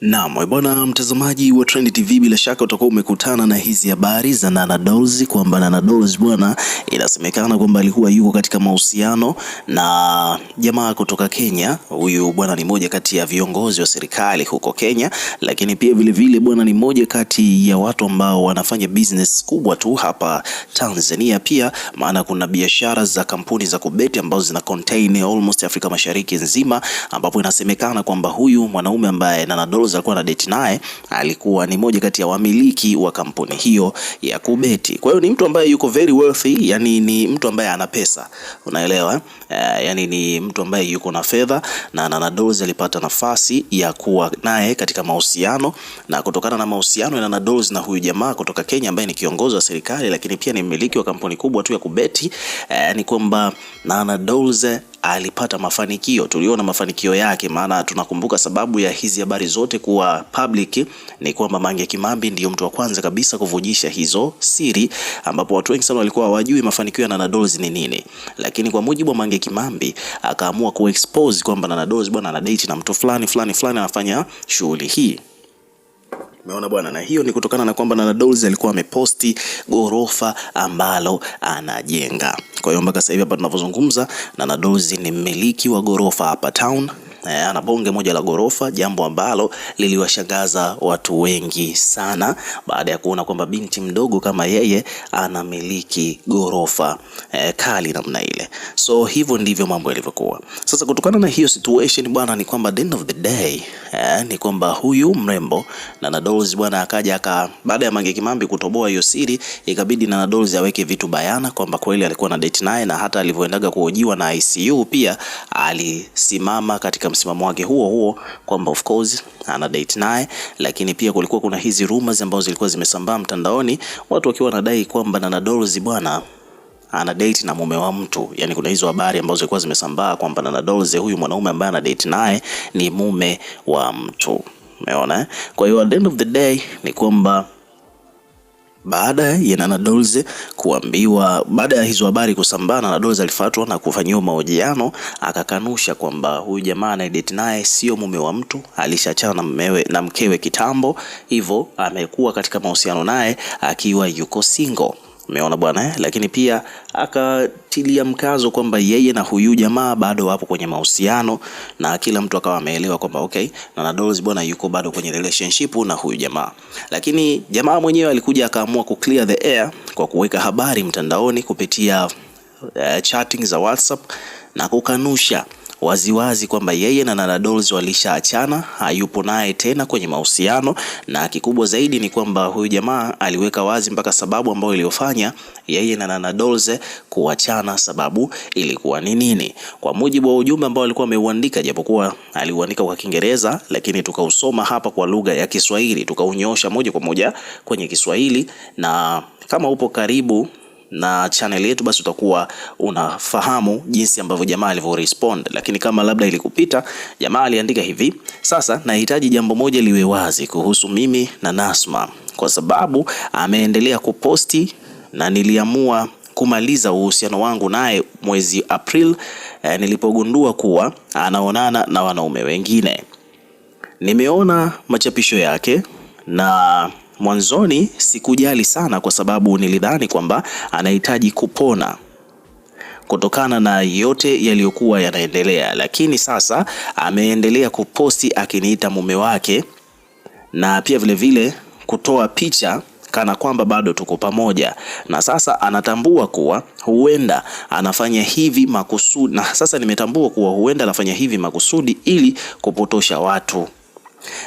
Naam, eh, bwana mtazamaji wa Trend TV, bila shaka utakuwa umekutana na hizi habari za Nana Dolls kwamba Nana Dolls bwana, inasemekana kwamba alikuwa yuko katika mahusiano na jamaa kutoka Kenya. Huyu bwana ni moja kati ya viongozi wa serikali huko Kenya, lakini pia vile bwana ni moja kati ya watu ambao wanafanya business kubwa tu hapa Tanzania pia, maana kuna biashara za kampuni za kubeti ambazo zina contain almost Afrika Mashariki nzima, ambapo inasemekana kwamba huyu mwanaume ambaye Nana Dolls alikuwa na date naye, alikuwa ni moja kati ya wamiliki wa kampuni hiyo ya kubeti. Kwa hiyo ni mtu ambaye yuko very wealthy, yani ni mtu ambaye ana pesa, unaelewa uh, Yani ni mtu ambaye yuko na fedha na Nana Dolls alipata nafasi ya kuwa naye katika mahusiano, na kutokana na mahusiano ya Nana Dolls na huyu jamaa kutoka Kenya ambaye ni kiongozi wa serikali, lakini pia ni mmiliki wa kampuni kubwa tu ya kubeti uh, ni kwamba Nana Dolls alipata mafanikio, tuliona mafanikio yake. Maana tunakumbuka sababu ya hizi habari zote kuwa public ni kwamba Mange Kimambi ndiyo mtu wa kwanza kabisa kuvujisha hizo siri, ambapo watu wengi sana walikuwa hawajui mafanikio ya Nana Dolls ni nini, lakini kwa mujibu wa Mange Kimambi akaamua kuexpose kwamba Nana Dolls bwana ana date na mtu fulani fulani fulani anafanya shughuli hii. Umeona bwana, na hiyo ni kutokana na kwamba Nana Dolls alikuwa ameposti ghorofa ambalo anajenga. Kwa hiyo mpaka sasa hivi hapa tunavyozungumza, Nana Dolls ni mmiliki wa ghorofa hapa town eh, ana bonge moja la ghorofa, jambo ambalo liliwashangaza watu wengi sana baada ya kuona kwamba binti mdogo kama yeye anamiliki ghorofa eh, kali namna ile. So hivyo ndivyo mambo yalivyokuwa. Sasa kutokana na hiyo situation bwana, ni kwamba the end of the day eh, ni kwamba huyu mrembo Nana Dolls bwana akaja aka, baada ya Mange Kimambi kutoboa hiyo siri, ikabidi Nana Dolls aweke vitu bayana kwamba kweli alikuwa na date naye, na hata alivyoendaga kuhojiwa na ICU pia alisimama katika msimamo wake huo huo kwamba of course ana date naye, lakini pia kulikuwa kuna hizi rumors ambazo zilikuwa zimesambaa mtandaoni, watu wakiwa wanadai kwamba Nana Dolls bwana ana date na mume wa mtu. Yani kuna hizo habari ambazo zilikuwa zimesambaa kwamba Nana Dolls huyu mwanaume ambaye ana date naye ni mume wa mtu, umeona eh? Kwa hiyo at the end of the day ni kwamba baada ya Nana Dolls kuambiwa, baada ya hizo habari kusambaa, Nana Dolls alifuatwa na kufanyiwa mahojiano, akakanusha kwamba huyu jamaa anayedate naye sio mume wa mtu, alishachana na mmewe na mkewe kitambo, hivyo amekuwa katika mahusiano naye akiwa yuko single. Umeona bwana eh? Lakini pia akatilia mkazo kwamba yeye na huyu jamaa bado wapo kwenye mahusiano na kila mtu akawa ameelewa kwamba okay, Nana Dolls bwana yuko bado kwenye relationship na huyu jamaa. Lakini jamaa mwenyewe alikuja akaamua ku clear the air kwa kuweka habari mtandaoni kupitia uh, chatting za WhatsApp na kukanusha waziwazi kwamba yeye na Nana Dolls walishaachana, hayupo naye tena kwenye mahusiano, na kikubwa zaidi ni kwamba huyu jamaa aliweka wazi mpaka sababu ambayo iliyofanya yeye na Nana Dolls kuachana, sababu ilikuwa ni nini, kwa mujibu wa ujumbe ambao alikuwa ameuandika, japokuwa aliuandika kwa Kiingereza, lakini tukausoma hapa kwa lugha ya Kiswahili, tukaunyosha moja kwa moja kwenye Kiswahili, na kama upo karibu na channel yetu, basi utakuwa unafahamu jinsi ambavyo jamaa respond. Lakini kama labda ilikupita, jamaa aliandika hivi: sasa nahitaji jambo moja liwe wazi kuhusu mimi na Nasma, kwa sababu ameendelea kuposti na niliamua kumaliza uhusiano wangu naye mwezi April eh, nilipogundua kuwa anaonana na wanaume wengine. Nimeona machapisho yake na Mwanzoni sikujali sana, kwa sababu nilidhani kwamba anahitaji kupona kutokana na yote yaliyokuwa yanaendelea, lakini sasa ameendelea kuposti akiniita mume wake na pia vilevile vile kutoa picha kana kwamba bado tuko pamoja, na sasa anatambua kuwa huenda anafanya hivi makusudi. Na sasa nimetambua kuwa huenda anafanya hivi makusudi ili kupotosha watu.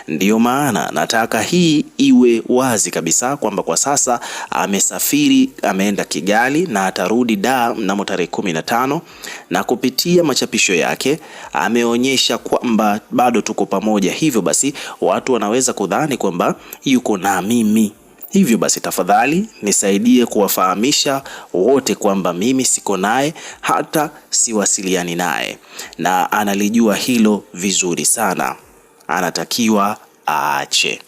Ndiyo maana nataka hii iwe wazi kabisa kwamba kwa sasa amesafiri, ameenda Kigali na atarudi da mnamo tarehe kumi na tano, na kupitia machapisho yake ameonyesha kwamba bado tuko pamoja. Hivyo basi watu wanaweza kudhani kwamba yuko na mimi. Hivyo basi tafadhali nisaidie kuwafahamisha wote kwamba mimi siko naye, hata siwasiliani naye, na analijua hilo vizuri sana anatakiwa aache.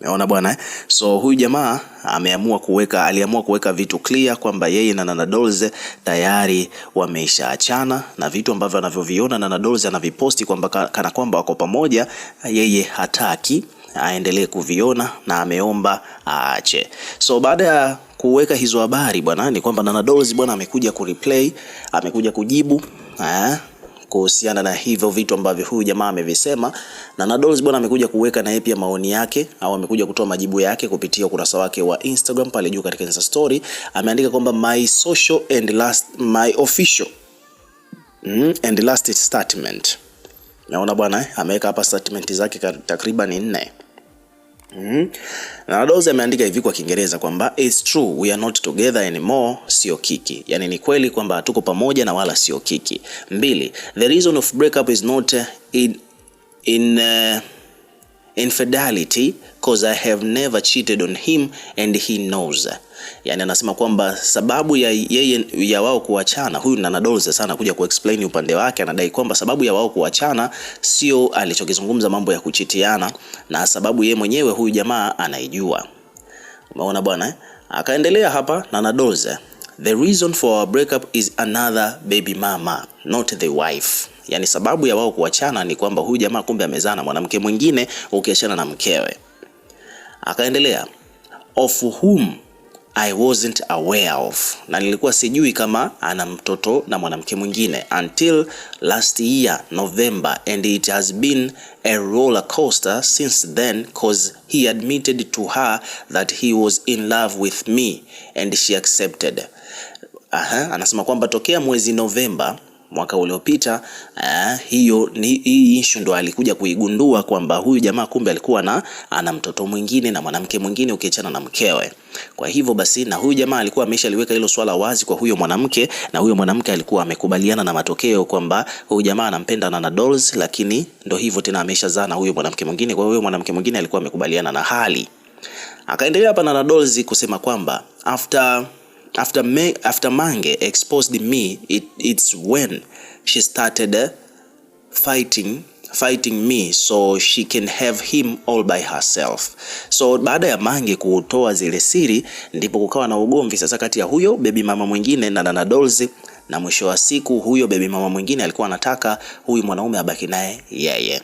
Umeona bwana, eh? so huyu jamaa ameamua kuweka, aliamua kuweka vitu clear kwamba yeye na Nana Dolls tayari wameishaachana, na vitu ambavyo anavyoviona Nana Dolls anaviposti kwamba kana kwamba wako pamoja, yeye hataki aendelee kuviona na ameomba aache. So baada ya kuweka hizo habari bwana, ni kwamba Nana Dolls bwana amekuja kureplay, amekuja kujibu eh? kuhusiana na hivyo vitu ambavyo huyu jamaa amevisema, na na Dolls bwana amekuja kuweka na yeye pia maoni yake au amekuja kutoa majibu yake kupitia ukurasa wake wa Instagram pale juu katika Insta story ameandika kwamba my social and last my official mm, and last statement. Naona bwana eh, ameweka hapa statement zake takriban nne. Mm -hmm. Na Doze ameandika hivi kwa Kiingereza kwamba it's true we are not together anymore, sio kiki. Yaani ni kweli kwamba hatuko pamoja na wala sio kiki. Mbili, the reason of breakup is not in, in uh, infidelity cause I have never cheated on him and he knows. Yani anasema kwamba sababu ya yeye ya wao kuachana, huyu Nana Dolls sana kuja kuexplain upande wake, anadai kwamba sababu ya wao kuachana sio alichokizungumza mambo ya kuchitiana, na sababu yeye mwenyewe huyu jamaa anaijua. Umeona bwana eh? Akaendelea hapa Nana Dolls, the reason for our breakup is another baby mama not the wife yani sababu ya wao kuachana ni kwamba huyu jamaa kumbe amezaa na mwanamke mwingine, ukiachana na mkewe. Akaendelea, of whom I wasn't aware of, na nilikuwa sijui kama ana mtoto na mwanamke mwingine until last year November and it has been a roller coaster since then cause he admitted to her that he was in love with me and she accepted. Aha, anasema kwamba tokea mwezi Novemba mwaka uliopita. eh, hiyo ni hii issue ndo alikuja kuigundua kwamba huyu jamaa kumbe alikuwa na ana mtoto mwingine na mwanamke mwingine ukiachana na mkewe. Kwa hivyo basi, na huyu jamaa alikuwa ameshaliweka hilo swala wazi kwa huyo mwanamke, na huyo mwanamke alikuwa amekubaliana na matokeo kwamba huyu jamaa anampenda na na dolls, lakini ndo hivyo tena, ameshazaa na huyo mwanamke mwingine. Kwa hiyo huyo mwanamke mwingine alikuwa amekubaliana na hali, akaendelea hapa na na dolls kusema kwamba after after me after Mange exposed me it, it's when she started uh, fighting fighting me so she can have him all by herself. So baada ya Mange kutoa zile siri, ndipo kukawa na ugomvi sasa kati ya huyo baby mama mwingine na Dana Dolls, na mwisho wa siku huyo baby mama mwingine alikuwa anataka huyu mwanaume abaki naye yeye yeah, yeah.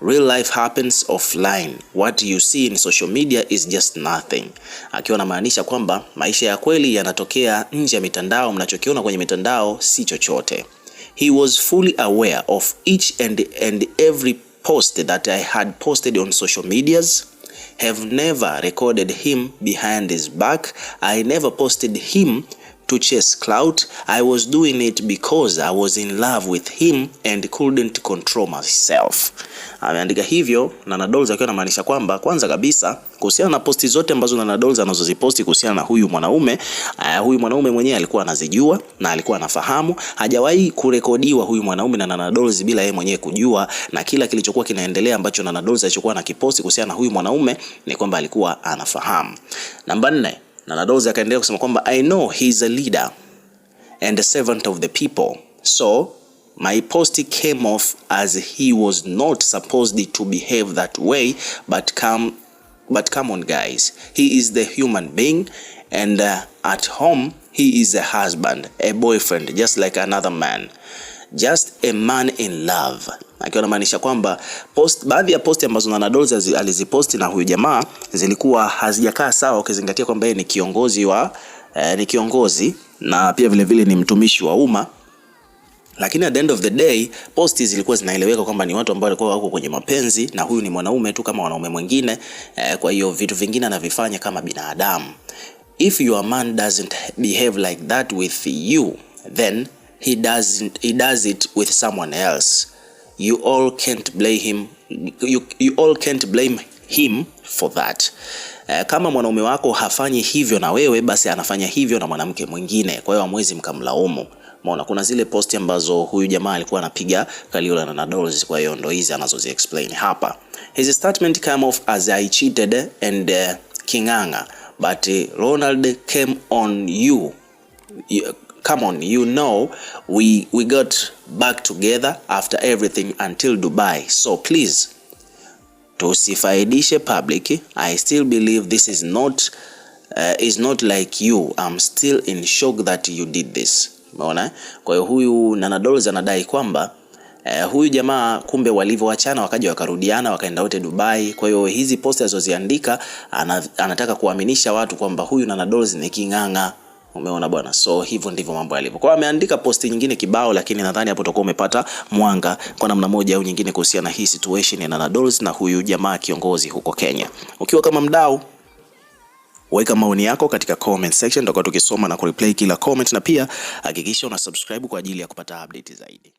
Real life happens offline. What you see in social media is just nothing. Akiwa anamaanisha kwamba maisha ya kweli yanatokea nje ya mitandao, mnachokiona kwenye mitandao si chochote. He was fully aware of each and, and every post that I had posted on social medias have never recorded him behind his back. I never posted him to chase clout. I was doing it because I was in love with him and couldn't control myself. Ameandika hivyo Nana Dolls akiwa anamaanisha kwamba kwanza kabisa kuhusiana na posti zote ambazo Nana Dolls anazoziposti kuhusiana na huyu mwanaume uh, huyu mwanaume mwenyewe alikuwa anazijua na alikuwa anafahamu. Hajawahi kurekodiwa huyu mwanaume na Nana Dolls bila yeye mwenyewe kujua, na kila kilichokuwa kinaendelea ambacho Nana Dolls alichokuwa na kiposti kuhusiana na huyu mwanaume ni kwamba alikuwa anafahamu. Namba nne na Nadozi akaendelea kusema kwamba I know he is a leader and a servant of the people so my post came off as he was not supposed to behave that way but come, but come on guys he is the human being and uh, at home he is a husband a boyfriend just like another man just a man in love, akiwa anamaanisha kwamba post, baadhi ya posti ambazo Nana Dolls aliziposti na huyu jamaa zilikuwa hazijakaa sawa, ukizingatia kwamba yeye ni kiongozi wa eh, ni kiongozi na pia vilevile vile ni mtumishi wa umma lakini at the end of the day posti zilikuwa zinaeleweka kwamba ni watu ambao walikuwa wako kwenye mapenzi na huyu ni mwanaume tu kama wanaume mwingine eh, kwa hiyo vitu vingine anavifanya kama binadamu. If your man doesn't behave like that with you then he does he does it with someone else you all can't blame him you, you all can't blame him for that uh, kama mwanaume wako hafanyi hivyo na wewe basi anafanya hivyo na mwanamke mwingine, kwa hiyo hamwezi mkamlaumu. Mwana, kuna zile posti ambazo huyu jamaa alikuwa anapiga Kaliola na Nadols, kwa hiyo ndo hizi anazozi explain hapa. His statement came off as I cheated and uh, Kinganga but Ronald came on you, you come on you know we we got back together after everything until Dubai so please tusifaidishe public I still believe this is not uh, is not like you I'm still in shock that you did this umeona kwa hiyo huyu Nana anadai kwamba Uh, huyu jamaa kumbe walivyoachana wakaja wakarudiana wakaenda wote Dubai. Kwa hiyo hizi posti alizoziandika anataka kuaminisha watu kwamba huyu Nana Dolls ni king'ang'a. Umeona bwana, so hivyo ndivyo mambo yalivyo. Kwa ameandika posti nyingine kibao, lakini nadhani hapo utakuwa umepata mwanga kwa namna moja au nyingine kuhusiana na hii situation ya Nana Dolls na huyu jamaa kiongozi huko Kenya. Ukiwa kama mdau, weka maoni yako katika comment section, tutakuwa tukisoma na kureplay kila comment, na pia hakikisha una subscribe kwa ajili ya kupata update zaidi.